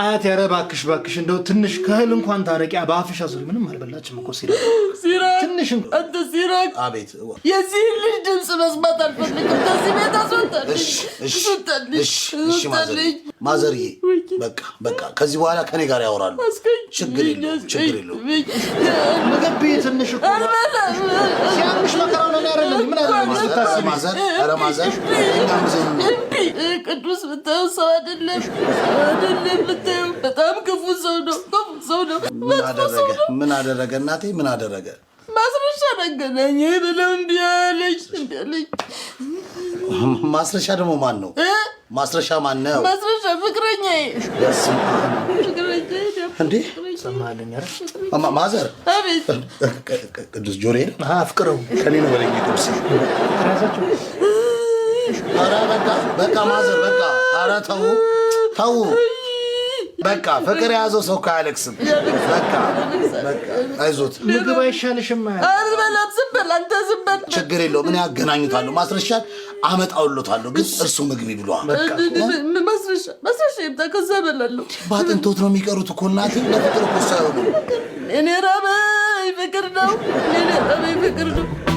አያት ያረ እባክሽ እባክሽ እንደው ትንሽ ከእህል እንኳን ታረቂ። በአፍሽ አዙሪ። ምንም አልበላችም እኮ ሲራክ ሲራክ፣ ትንሽ አቤት፣ የዚህ ልጅ ድምፅ መስማት አልፈልግም። ከዚህ ቤት አስወጣልኝ፣ ማዘርዬ፣ በቃ በቃ፣ ከዚህ በኋላ ከኔ ጋር ያወራሉ። ችግር የለውም፣ ችግር የለውም። ምግብ ብዬሽ ትንሽ ሲያምሽ መከራ ነው። ምን አለ ማዘር፣ ኧረ ማዘር ዲያብሎስ ብታየው ሰው አይደለም፣ አይደለም ብታየው በጣም ክፉ ሰው ነው። ክፉ ሰው ነው። ምን አደረገ እናቴ? ምን አደረገ? ማስረሻ ነገናኝ ብለው እንዲህ አለች፣ እንዲህ አለች። ማስረሻ ደግሞ ማን ነው? ማስረሻ ማን ነው? ማስረሻ ፍቅረኛዬ፣ እንዴ ሰማልኝ። ማዘር ቅዱስ ጆሮዬን አፍቅረው ከኔ ነው በለኝ ጥብስ ኧረ በቃ በቃ ማዘር በቃ ኧረ ተው ተው በቃ ፍቅር የያዘው ሰው እኮ በቃ አይዞት። ምግብ አይሻልሽም? አልበላም። ዝም በል አንተ ዝም በል። ችግር የለውም እኔ አገናኙታለሁ። ማስረሻል አመጣውሎታለሁ፣ ግን እርሱ ምግብ ይብሏል። ማስረሻ ማስረሻ ከዛ እበላለሁ። በአጥንቶት ነው የሚቀሩት እኮ እናቴ። ለፍቅር እኮ እሱ እኔ ራበኝ ፍቅር ነው። እኔ ራበኝ ፍቅር ነው።